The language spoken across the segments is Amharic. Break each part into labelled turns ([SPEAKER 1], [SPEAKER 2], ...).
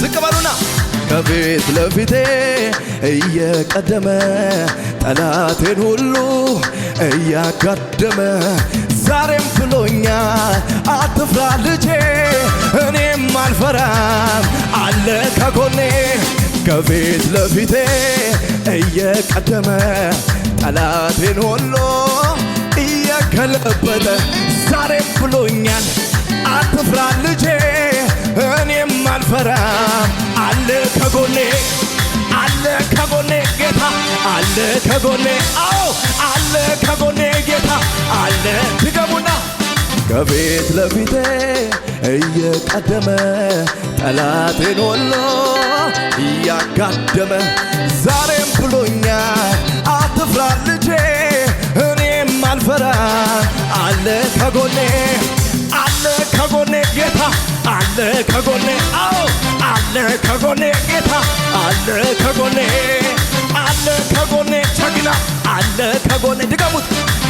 [SPEAKER 1] ዝቅ በሉና ከፊት ለፊቴ እየቀደመ ጠላቴን ሁሉ እያጋደመ ዛሬም ብሎኛ አትፍራ ልጄ፣ እኔም አልፈራም አለ ከጎኔ ከፊት ለፊቴ እየቀደመ ጠላቴን ሁሉ እያገለበጠ ዛሬም ብሎኛል አትፍራ ልጄ እኔም አልፈራም። አለ ከጎኔ አለ ከጎኔ ጌታ አለ ከጎኔ አዎ አለ ከጎኔ ጌታ አለ ትገቡና ከቤት ለፊቴ እየቀደመ ጠላቴን ወሎ እያጋደመ ዛሬም ብሎኛል አትፍራ ልጄ እኔም አልፈራ አለ ከጎኔ ከጎኔ ጌታ አለ ከጎኔ አዎ አለ ከጎኔ ጌታ አለ ከጎኔ አለ ከጎኔ ጀግና አለ ከጎኔ ድገሙት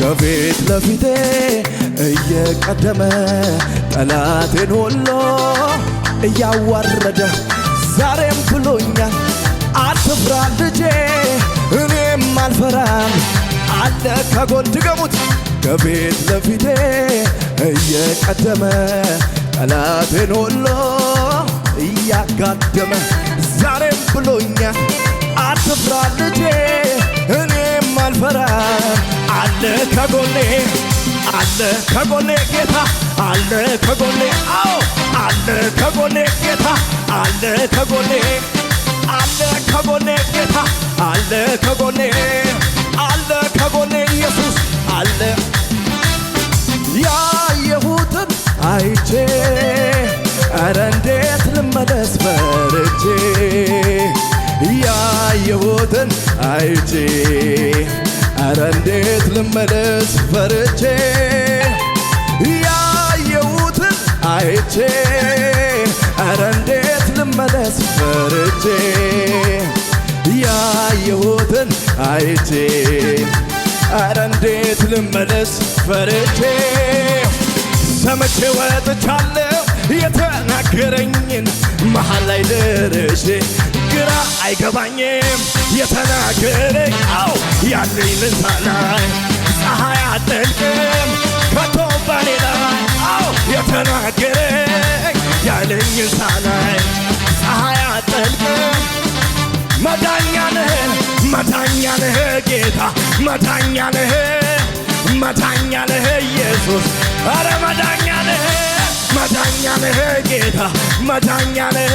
[SPEAKER 1] ከፊት ለፊቴ እየቀደመ ጠላቴን ሁሉ እያዋረደ ዛሬም ብሎኛል አትፍራ ልጄ እኔም አልፈራም አለ ከጎን ድገሙት ከፊት ለፊቴ እየቀደመ ጠላቴን ሁሉ እያጋደመ ዛሬም ብሎኛል አትፍራ ልጄ እኔም አልፈራ አለ ከጎኔ አለ ከጎኔ ጌታ አለ ከጎኔ አዎ አለ ከጎኔ ጌታ አለ ከጎኔ አለ ከጎኔ ጌታ አለ ከጎኔ አለ ከጎኔ ኢየሱስ አለ ያ ያየሁትን አይቼ እረ እንዴት ልመለስ ፈርቼ ያየሁትን አይቼ አረ እንዴት ልመለስ ፈርቼ ያየሁትን አይቼ እረ እንዴት ልመለስ ፈርቼ ያየሁትን አይቼ አረ እንዴት ልመለስ ፈርቼ ተመቼ ወጥቻለሁ የተናገረኝን መሃል ላይ ደርሼ ግራ አይገባኝም የተናገረኝ አው ያለኝ ልሳና ፀሐይ አጠልቅም ከቶ በኔ አው የተናገረኝ ያለኝ ፀሐይ አጠልቅም መዳኛ ነህ መዳኛ ነህ ጌታ መዳኛ ነህ መዳኛ ነህ ኢየሱስ፣ አረ መዳኛ ነህ፣ መዳኛ ነህ ጌታ፣ መዳኛ ነህ፣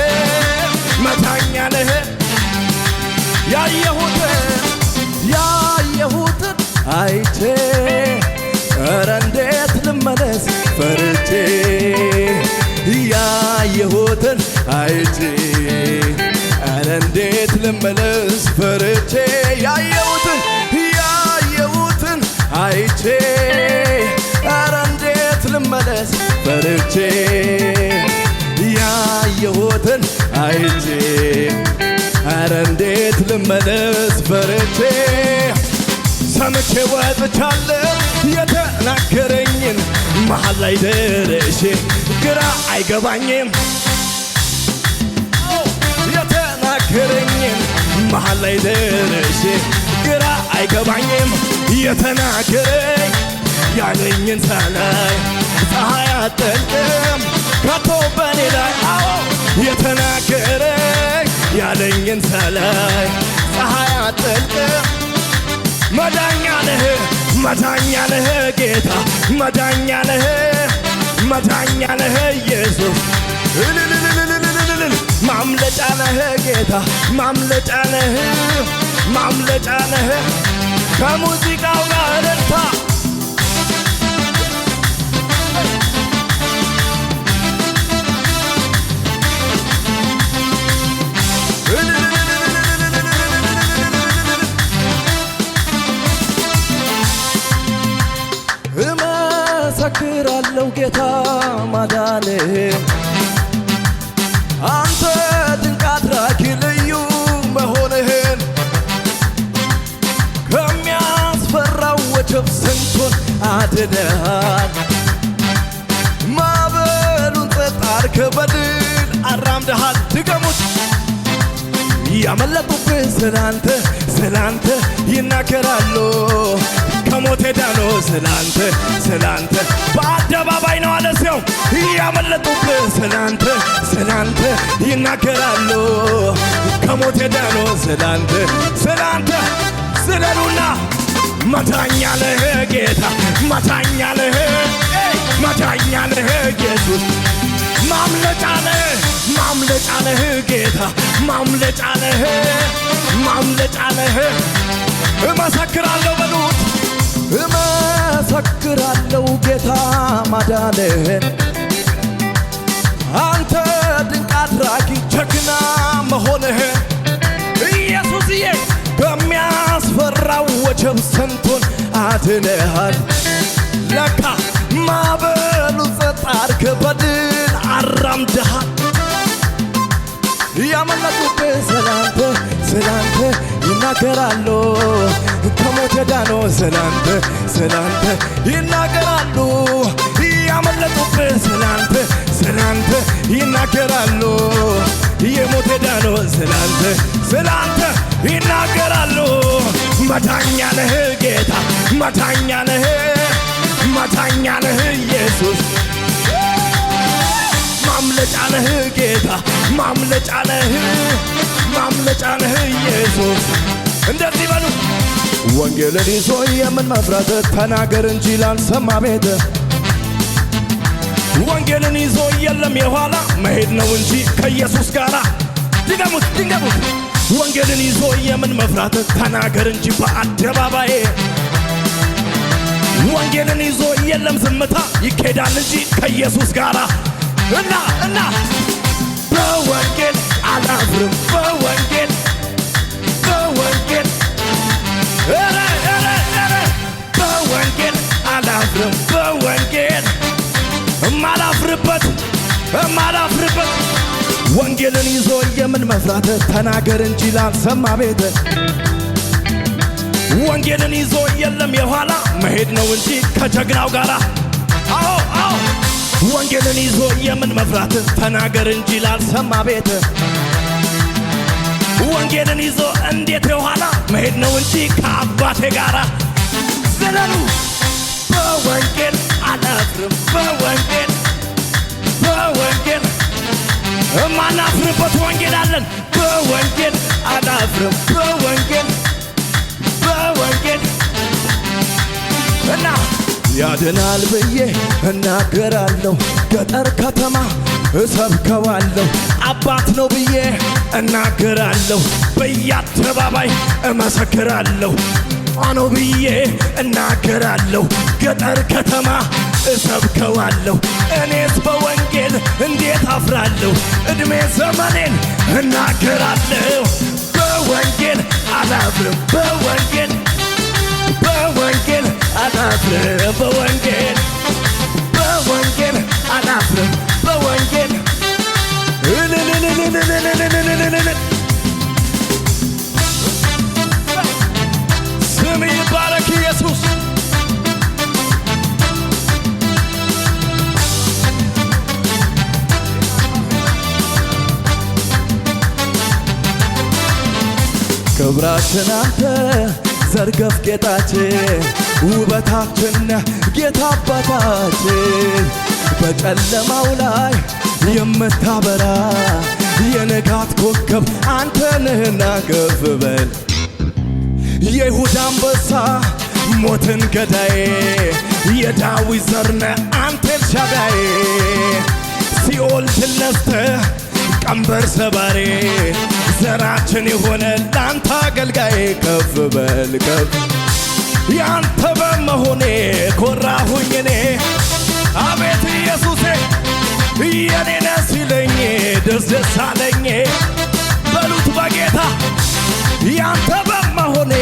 [SPEAKER 1] መዳኛ ነህ። ያየሁትን ያየሁትን አይቼ እረ እንዴት ልመለስ ፈርቼ ያየሁትን አይቼ እረ እንዴት ልመለስ ፈርቼ ያየሁትን አይቼ አረ እንዴት ልመለስ ፈርቼ ያየሁትን አይቼ አረ እንዴት ልመለስ ፈርቼ ሰምቼ ወጥቻለሁ የተናገረኝን መሃል ላይ ደረሼ ግራ አይገባኝም የተናገረኝን መሃል ላይ ደረሼ ግራ አይገባኝም የተናገረኝ ያለኝን ሳላይ ፀሐይ አጠልቅም ከቶ በኔ ላይ አዎ የተናገረኝ ያለኝን ሳላይ ፀሐይ አጠልቅም መዳኛ ነህ መዳኛ ነህ ጌታ መዳኛ ነህ መዳኛ ነህ ኢየሱስ ማምለጫ ነህ ጌታ ማምለጫ ነህ ማምለጫ ነህ ከሙዚቃው ጋር እልልታ እመሰክራለሁ ጌታ ማዳንህ አንተ አድነሃል። ማዕበሉን ጸጥ አድርገህ በድል አራምደሃል። ድገሙት ያመለጡብህ ስላንተ ስላንተ ይናገራሉ። ከሞት ዳኖ ስላንተ ስላንተ በአደባባይ ነው አለ ሰው ያመለጡብህ ስላንተ ስላንተ ይናገራሉ። ከሞት ዳኖ ስላንተ ስላንተ ስለሉና መታኛለህ ጌታ መታኛለህ መታኛለህ ኢየሱስ ማምለጫለህ ማምለጫለህ ጌታ ማምለጫለህ ማምለጫለህ እመሰክራለሁ በሉት እመሰክራለሁ ጌታ ማዳንህን አንተ ድንቅ አድራጊ ጀግና መሆንህን ወጀም ሰንቶን አድነሃል ለካ ማበሉ ጸጥ አድርገ በድል አራምደሃል ያመለጡብህ ስላንተ ስላንተ ይናገራሉ ከሞት ዳኖ ስላንተ ስላንተ ይናገራሉ ያመለጡብህ ስላንተ ስላንተ ይናገራሉ የሞት ዳኖ ስላንተ ስላንተ ይናገራሉ መዳኛ ነህ ጌታ፣ መዳኛ ነህ፣ መዳኛ ነህ ኢየሱስ፣ ማምለጫ ነህ ጌታ፣ ማምለጫ ነህ፣ ማምለጫ ነህ ኢየሱስ። እንደዚህ በሉ ወንጌልን ይዞ የምን መፍራት ተናገር እንጂ ላልሰማ ቤት ወንጌልን ይዞ የለም የኋላ መሄድ ነው እንጂ ከኢየሱስ ጋር ድገሙት፣ ድገሙት ወንጌልን ይዞ የምን መፍራት ተናገር እንጂ በአደባባይ ወንጌልን ይዞ የለም ዝምታ ይኬዳል እንጂ ከኢየሱስ ጋር እና እና በወንጌል አላፍርም በወንጌል በወንጌል በወንጌል አላፍርም በወንጌል እማላፍርበት እማላፍርበት ወንጌልን ይዞ የምን መፍራት ተናገር እንጂ ላልሰማ ቤት ወንጌልን ይዞ የለም የኋላ መሄድ ነው እንጂ ከጀግናው ጋራ አዎ አዎ ወንጌልን ይዞ የምን መፍራት ተናገር እንጂ ላልሰማ ቤት ወንጌልን ይዞ እንዴት የኋላ መሄድ ነው እንጂ ከአባቴ ጋራ ዘለሉ በወንጌል አላፍርም በወንጌል የማናፍርበት ወንጌል አለን። በወንጌል አናፍርም። በወንጌል በወንጌል እና ያድናል ብዬ እናገራለሁ። ገጠር ከተማ እሰብከዋለሁ። አባት ነው ብዬ እናገራለሁ። በየአደባባይ እመሰክራለሁ። ኖ ብዬ እናገራለሁ። ገጠር ከተማ እሰብከዋለሁ እኔስ በወንጌል እንዴት አፍራለሁ? እድሜ ዘመኔን እናገራለሁ። በወንጌል አላፍርም። በወንጌል በወንጌል አላፍርም። በወንጌል ክብራችን አንተ ዘርገፍ ጌጣችን ውበታችን ጌታ አባታችን በጨለማው ላይ የምታበራ የንጋት ኮከብ አንተ ነህና ከፍ በል የይሁዳ አንበሳ ሞትን ገዳዬ የዳዊት ዘርነ ነህ አንተ ሲኦል ድል ቀንበር ሰባሬ ዘራችን የሆነ ለአንተ አገልጋይ ከፍ በል ከፍ ያንተ በመሆኔ ኮራሁኝ እኔ አቤት ኢየሱሴ የኔ ነህ ሲለኝ ደስ ደስ አለኝ በሉት በጌታ ያንተ በመሆኔ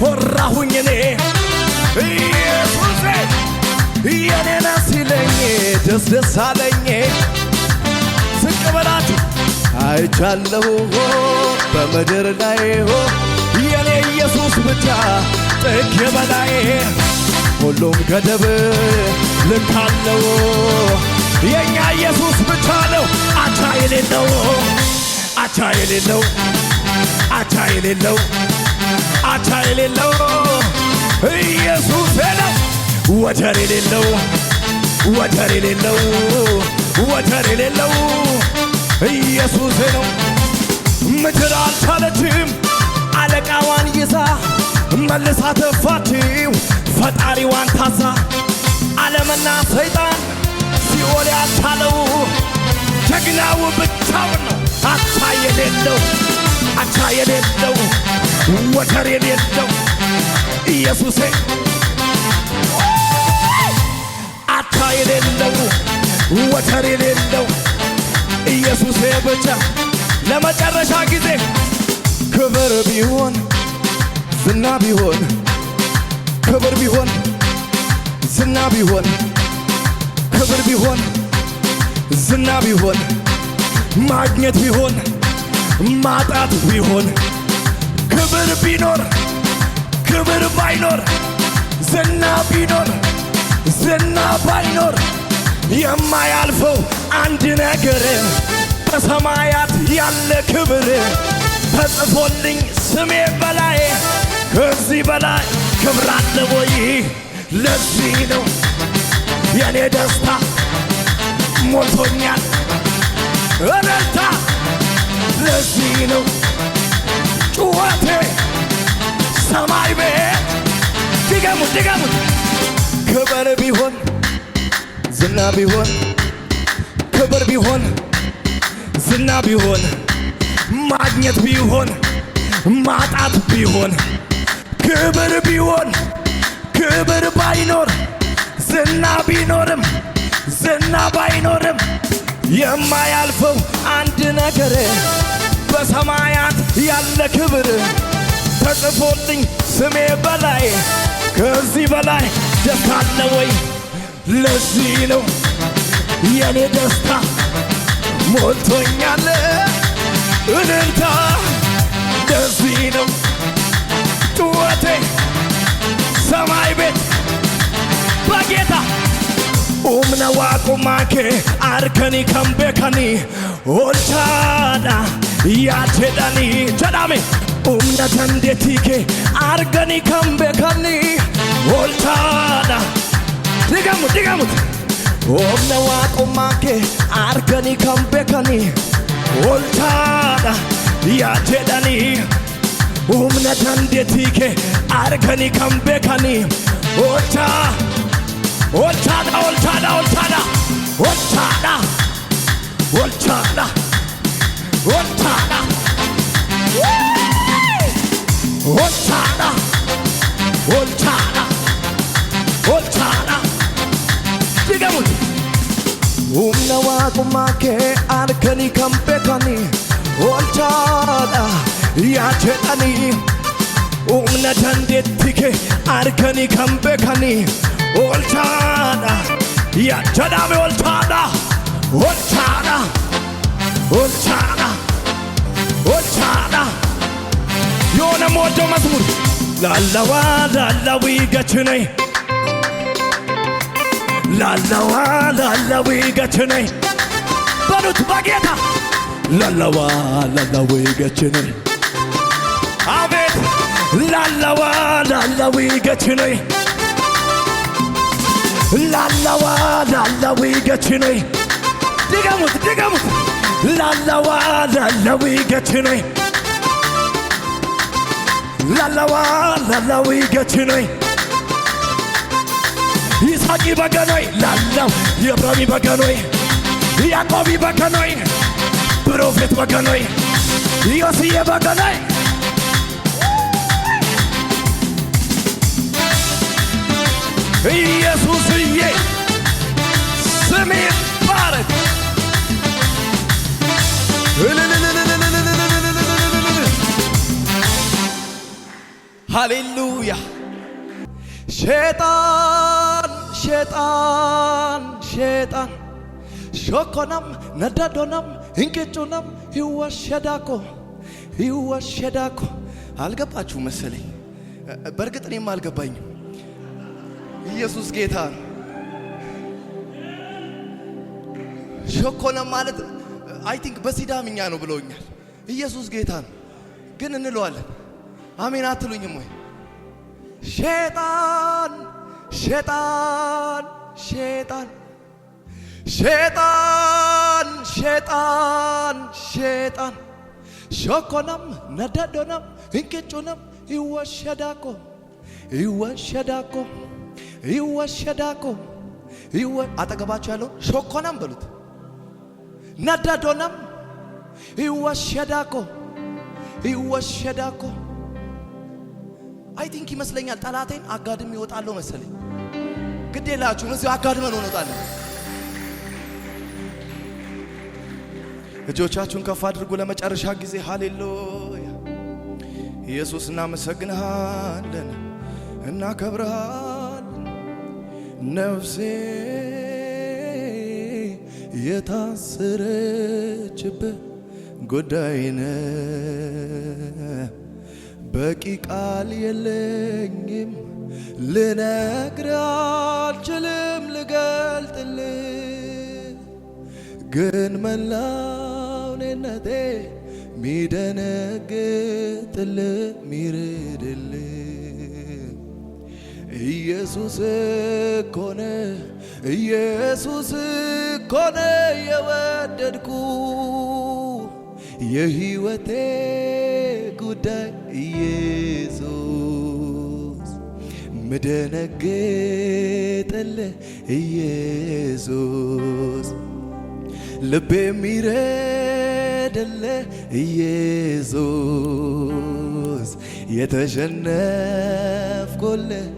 [SPEAKER 1] ኮራሁኝ እኔ ኢየሱሴ የኔ ነህ ሲለኝ ደስ ደስ አለ አይቻለሁ በምድር ላይ ሆ የኔ ኢየሱስ ብቻ ጥግ በላይ ሁሉም ገደብ ልታለው የእኛ ኢየሱስ ብቻ ነው አቻ የሌለው አቻ የሌለው አቻ የሌለው አቻ የሌለው ኢየሱስ ነው ወደር የሌለው ወደር የሌለው ወደር የሌለው ኢየሱሴ ነው። ምክር አልቻለችም አለቃዋን ይዛ መልሳ ተፋችው ፈጣሪዋን ታዛ ዓለምና ሰይጣን ሲኦል ያልቻለው ጀግናው ብቻውን ነው አቻ የሌለው አቻ የሌለው የሌለው ኢየሱሴ አቻ የሌለው የሌለው ኢየሱስ ብቻ ለመጨረሻ ጊዜ ክብር ቢሆን ዝና ቢሆን ክብር ቢሆን ዝና ቢሆን ክብር ቢሆን ዝና ቢሆን ማግኘት ቢሆን ማጣት ቢሆን ክብር ቢኖር ክብር ባይኖር ዝና ቢኖር ዝና ባይኖር የማያልፈው አንድ ነገር በሰማያት ያለ ክብር ተጽፎልኝ ስሜ በላይ ከዚህ በላይ ክብር አለ ወይ? ለዚህ ነው የኔ ደስታ ሞልቶኛል እረታ ለዚህ ነው ጩኸቴ ሰማይ ቤት። ድገሙት ድገሙት ክብር ቢሆን ዝና ቢሆን ክብር ቢሆን ዝና ቢሆን ማግኘት ቢሆን ማጣት ቢሆን ክብር ቢሆን ክብር ባይኖር ዝና ቢኖርም ዝና ባይኖርም የማያልፈው አንድ ነገር በሰማያት ያለ ክብር ተጽፎልኝ ስሜ በላይ ከዚህ በላይ ደስታ አለ ወይ? ለዚህ ነው የኔ ደስታ ሞልቶኛል እልልታ ለዚህ ነው ጩኸቴ ሰማይ ቤት በጌታ umna wakumake arkani kambekani olchaada yajedhani jedhame umna dandetike argani kambekani olchaada ድገሙት ድገሙት። ኦምነ ዋቆማኬ አርገኒ ከምቤከኒ ኦልታዳ ያጀዳኒ ኦምነ ተንዴቲኬ አርገኒ ከምቤከኒ ኦልታ ኦልታዳ ኦልታዳ ኦልታዳ ኦልታዳ ኦልታዳ ኦልታዳ ኦልታዳ Digamu Umna waaqummaa kee arkanii kan beekanii Olchaadha yaa jedhanii Umna dandeetti kee arkanii kan beekanii Olchaadha yaa jedhame olchaadha Olchaadha Olchaadha Olchaadha Yoo namoota masmur lallawaa lallawii gachinee ላለዋ ላለው ገችኔ በሉት በጌታ ላለዋ ላለው ገችኔ አቤት ላለዋ ላለው ገችኔ ላለዋ ላለው ገችኔ ድገሙት ድገሙት ላለዋ ላለው ገችኔ ላለዋ ላለው ገችኔ የይስሐቂ በገኖይ ላለው የአብርሃሚ በገኖይ ያዕቆቢ በገኖይ ፕሮፌት በገኖይ ዮስዬ በገኖይ ኢየሱስዬ ስም ይባረክ። ሃሌሉያ ሼጣን ሸጣን ሼጣን ሾኮነም ነዳዶነም እንቅጩናም ይወሸዳኮ ይወሸዳኮ። አልገባችሁ መሰለኝ። በእርግጥ እኔም አልገባኝም። ኢየሱስ ጌታ ነው። ማለት አይ ቲንክ በሲዳምኛ ነው ብለውኛል። ኢየሱስ ጌታ ነው ግን እንለዋለን። አሜን አትሉኝም ወይ? ሼጣን ሸጣን ሸጣን ሸጣን ሸጣን ሸጣን ሾኮናም ነዳዶናም እንቅጩናም ይወሸዳኮ ይወሸዳኮ ይወሸዳኮ ይወ አጠገባቸው ያለው ሾኮናም በሉት ነዳዶናም ይወሸዳኮ ይወሸዳኮ አይ ቲንክ ይመስለኛል ጠላቴን አጋድም ይወጣለው መሰለኝ ግድ የላችሁም። እዚሁ አጋድመን እንወጣለን። እጆቻችሁን ከፍ አድርጉ ለመጨረሻ ጊዜ። ሃሌሉያ ኢየሱስ፣ እናመሰግንሃለን፣ እናከብርሃለን። ነፍሴ የታሰረችበት ጉዳይነ በቂ ቃል የለኝም ልነግር አልችልም ልገልጥል ግን መላው እኔነቴ ሚደነግጥል ሚርድል ኢየሱስ ኮነ ኢየሱስ ኮነ የወደድኩ የህይወቴ ጉዳይ ኢየሱስ ምደነግጥልህ ኢየሱስ ልቤ የሚረድልህ ኢየሱስ የተሸነፍኩልህ